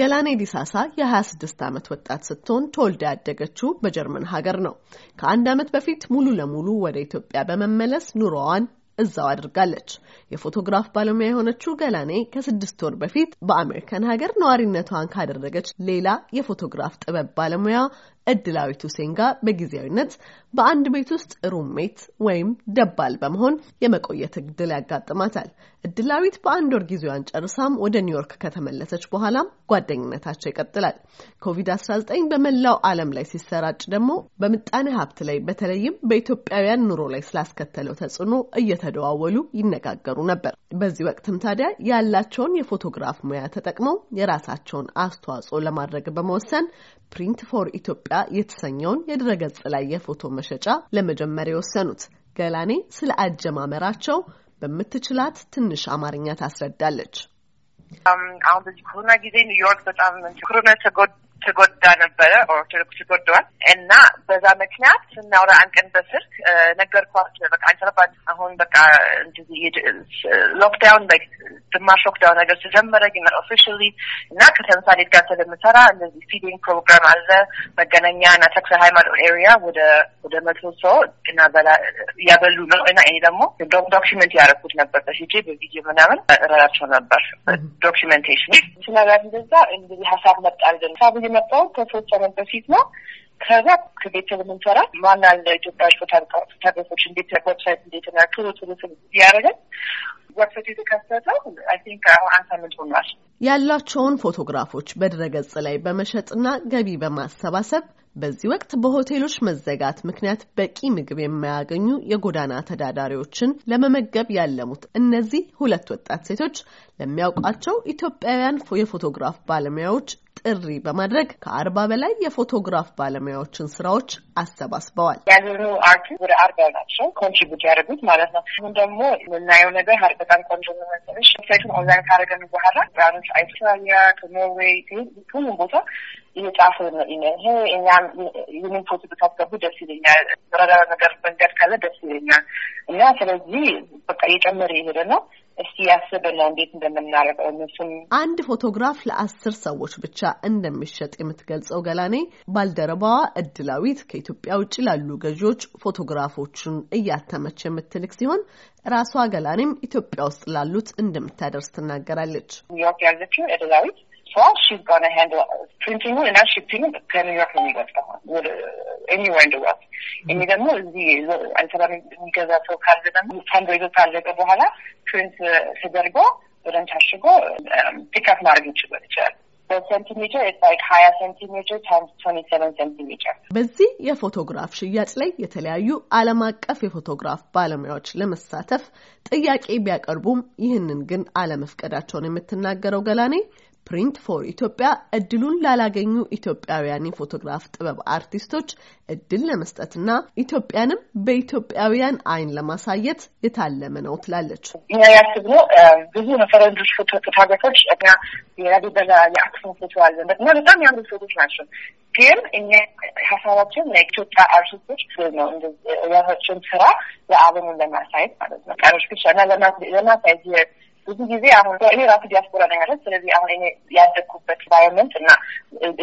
ገላኔ ዲሳሳ የ26 ዓመት ወጣት ስትሆን ተወልዳ ያደገችው በጀርመን ሀገር ነው። ከአንድ ዓመት በፊት ሙሉ ለሙሉ ወደ ኢትዮጵያ በመመለስ ኑሮዋን እዛው አድርጋለች። የፎቶግራፍ ባለሙያ የሆነችው ገላኔ ከስድስት ወር በፊት በአሜሪካን ሀገር ነዋሪነቷን ካደረገች ሌላ የፎቶግራፍ ጥበብ ባለሙያ እድላዊቱ ሴንጋ በጊዜያዊነት በአንድ ቤት ውስጥ ሩሜት ወይም ደባል በመሆን የመቆየት እድል ያጋጥማታል። እድላዊት በአንድ ወር ጊዜዋን ጨርሳም ወደ ኒውዮርክ ከተመለሰች በኋላም ጓደኝነታቸው ይቀጥላል። ኮቪድ-19 በመላው ዓለም ላይ ሲሰራጭ ደግሞ በምጣኔ ሀብት ላይ በተለይም በኢትዮጵያውያን ኑሮ ላይ ስላስከተለው ተጽዕኖ እየተደዋወሉ ይነጋገሩ ነበር። በዚህ ወቅትም ታዲያ ያላቸውን የፎቶግራፍ ሙያ ተጠቅመው የራሳቸውን አስተዋጽኦ ለማድረግ በመወሰን ፕሪንት ፎር ኢትዮጵያ ኢትዮጵያ የተሰኘውን የድረገጽ ላይ የፎቶ መሸጫ ለመጀመር የወሰኑት። ገላኔ ስለ አጀማመራቸው በምትችላት ትንሽ አማርኛ ታስረዳለች። አሁን በዚህ ኮሮና ጊዜ ኒውዮርክ በጣም ኮሮና ተጎድ ይጎዳ ነበረ። ኦርቶዶክስ ይጎደዋል እና በዛ ምክንያት ስናወራ አንድ ቀን በስልክ ነገርኳቸው። በቃ አልተረባን አሁን በቃ እንደዚህ ሎክዳውን ግማሽ ሎክዳውን ነገር ተጀመረ ግን ኦፊሻሊ እና ከተምሳሌት ጋር ስለምሰራ እንደዚህ ፊዲንግ ፕሮግራም አለ መገናኛ እና ተክለ ሃይማኖት ኤሪያ ወደ ወደ መቶ ሰው እና በላ እያበሉ ነው እና ይሄ ደግሞ ዶክመንት ያደረኩት ነበር በፊት በቪዲዮ ምናምን እረዳቸው ነበር ዶክመንቴሽን ስለዛ እንደዛ እንግዲህ ሀሳብ መጣ ሀሳብ እየመጣው ከተወሰነ በፊት ነው። ከዛ ከቤተሰብ የምንሰራ ማናል ኢትዮጵያ ሽፎ ታሪኮች እንዴት ዌብሳይት እንዴት ና ክሩት እያደረገን ዌብሳይት የተከሰተው አይ ቲንክ አንድ ሳምንት ሆኗል። ያላቸውን ፎቶግራፎች በድረገጽ ላይ በመሸጥና ገቢ በማሰባሰብ በዚህ ወቅት በሆቴሎች መዘጋት ምክንያት በቂ ምግብ የማያገኙ የጎዳና ተዳዳሪዎችን ለመመገብ ያለሙት እነዚህ ሁለት ወጣት ሴቶች ለሚያውቋቸው ኢትዮጵያውያን የፎቶግራፍ ባለሙያዎች ጥሪ በማድረግ ከአርባ በላይ የፎቶግራፍ ባለሙያዎችን ስራዎች አሰባስበዋል። ያዘሩ አርቱ ወደ አርባ ናቸው ኮንትሪቡት ያደርጉት ማለት ነው። አሁን ደግሞ የምናየው ነገር ሀር በጣም ቆንጆ መሰለሽ ሳይቱን ኦንላይን ካደረገን በኋላ ራኖች አይስትራሊያ፣ ከኖርዌይ ሁሉም ቦታ የጫፍ ይሄ እኛም ይህንን ፎቶ ብታስገቡ ደስ ይለኛል። ረዳ ነገር መንገድ ካለ ደስ ይለኛል እና ስለዚህ በቃ እየጨመረ የሄደ ነው። እስቲ ያስብና እንዴት እንደምናረገው እነሱም። አንድ ፎቶግራፍ ለአስር ሰዎች ብቻ እንደሚሸጥ የምትገልጸው ገላኔ ባልደረባዋ እድላዊት ከኢትዮጵያ ውጭ ላሉ ገዢዎች ፎቶግራፎቹን እያተመች የምትልክ ሲሆን ራሷ ገላኔም ኢትዮጵያ ውስጥ ላሉት እንደምታደርስ ትናገራለች። ኒውዮርክ ያለችው እድላዊት So she's going to handle printing and now shipping ከኒው ዮርክ ነው ወደ ኤኒዌር ኢን ዘ ወርልድ። እኔ ደግሞ እዚህ አዲስ የሚገዛ ሰው ካለ ደግሞ ፈንድሬዞ ካለቀ በኋላ ፕሪንት ተደርጎ በደንብ ታሽጎ ፒክአፕ ማድረግ ይችላል ይችላል። በዚህ የፎቶግራፍ ሽያጭ ላይ የተለያዩ ዓለም አቀፍ የፎቶግራፍ ባለሙያዎች ለመሳተፍ ጥያቄ ቢያቀርቡም ይህንን ግን አለመፍቀዳቸውን የምትናገረው ገላኔ ፕሪንት ፎር ኢትዮጵያ እድሉን ላላገኙ ኢትዮጵያውያን የፎቶግራፍ ጥበብ አርቲስቶች እድል ለመስጠትና ኢትዮጵያንም በኢትዮጵያውያን አይን ለማሳየት የታለመ ነው ትላለች። ይሄ ያስብነው ብዙ ፈረንጆች ፎቶግራፎች እና የላሊበላ የአክሱም ፎቶ አለ እና በጣም ያምሩ ፎቶች ናቸው። ግን እኛ ሀሳባችን ለኢትዮጵያ አርቲስቶች ነው የራሳቸውን ስራ ለአለሙን ለማሳየት ማለት ነው ቃሮች ብቻ እና ለማሳየት ብዙ ጊዜ አሁን እኔ ራሱ ዲያስፖራ ነኝ አይደል? ስለዚህ አሁን እኔ ያደግኩበት ኢንቫይሮንመንት እና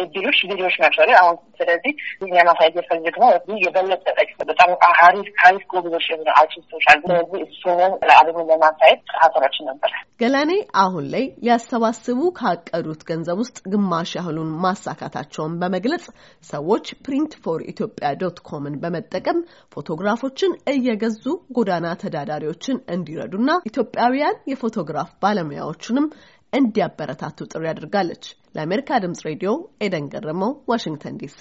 እድሎች ልጆች ናቸው። አሁን ስለዚህ ኛ ማሳየት የፈልግ ነው የበለጠ በጣም ሀሪፍ ሀሪፍ ጎብዞች የሆነ አርቲስቶች አሉ። ስለዚህ እሱንም ለአለም ለማሳየት ሀገራችን ነበር። ገላኔ አሁን ላይ ሊያሰባስቡ ካቀዱት ገንዘብ ውስጥ ግማሽ ያህሉን ማሳካታቸውን በመግለጽ ሰዎች ፕሪንት ፎር ኢትዮጵያ ዶት ኮምን በመጠቀም ፎቶግራፎችን እየገዙ ጎዳና ተዳዳሪዎችን እንዲረዱና ኢትዮጵያውያን የፎቶግራ ፎቶግራፍ ባለሙያዎቹንም እንዲያበረታቱ ጥሪ አድርጋለች። ለአሜሪካ ድምጽ ሬዲዮ ኤደን ገረመው፣ ዋሽንግተን ዲሲ